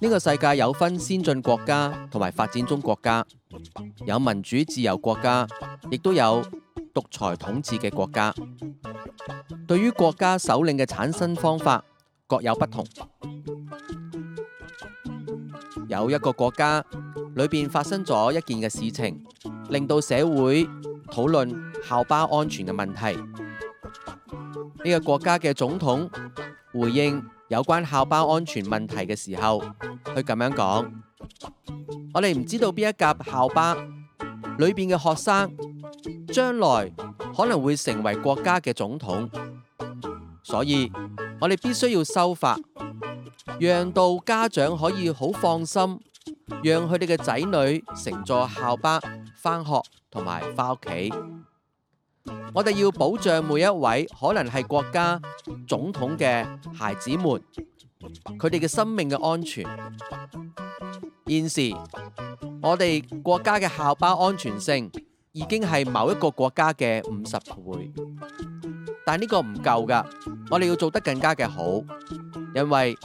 呢個世界有分先進國家同埋發展中國家，有民主自由國家，亦都有獨裁統治嘅國家。對於國家首領嘅產生方法，各有不同。有一個國家裏面發生咗一件嘅事情，令到社會討論校巴安全嘅問題。呢、這個國家嘅總統回應。有關校巴安全問題嘅時候，佢咁樣講：我哋唔知道邊一架校巴裏邊嘅學生，將來可能會成為國家嘅總統，所以我哋必須要修法，讓到家長可以好放心讓他們的子，讓佢哋嘅仔女乘坐校巴返學同埋翻屋企。我哋要保障每一位可能係國家總統嘅孩子們，佢哋嘅生命嘅安全。現時我哋國家嘅校巴安全性已經係某一個國家嘅五十倍，但呢個唔夠㗎，我哋要做得更加嘅好，因為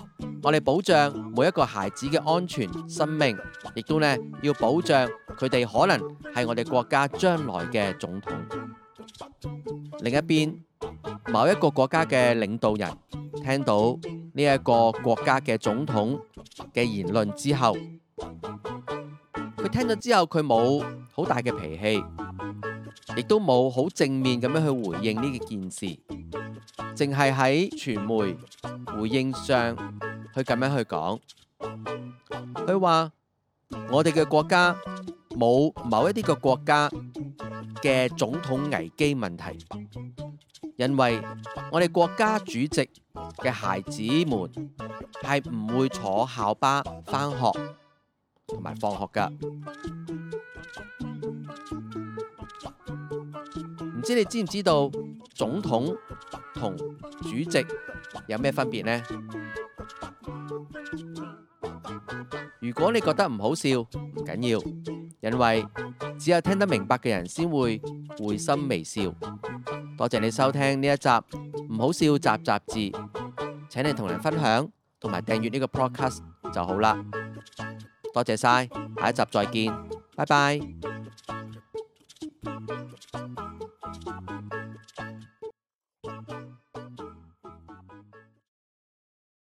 我哋保障每一個孩子嘅安全、生命，亦都呢要保障佢哋可能係我哋國家將來嘅總統。另一邊，某一個國家嘅領導人聽到呢一個國家嘅總統嘅言論之後，佢聽咗之後佢冇好大嘅脾氣，亦都冇好正面咁樣去回應呢件事，淨係喺傳媒回應上去咁樣去講，佢話我哋嘅國家冇某一啲嘅國家。嘅總統危機問題，因為我哋國家主席嘅孩子們係唔會坐校巴返學同埋放學㗎。唔知你知唔知道總統同主席有咩分別呢？如果你覺得唔好笑，唔緊要，因為。只有聽得明白嘅人先會會心微笑。多謝你收聽呢一集，唔好笑雜雜字。請你同人分享同埋訂閱呢個 Podcast 就好啦。多謝曬，下一集再見，拜拜。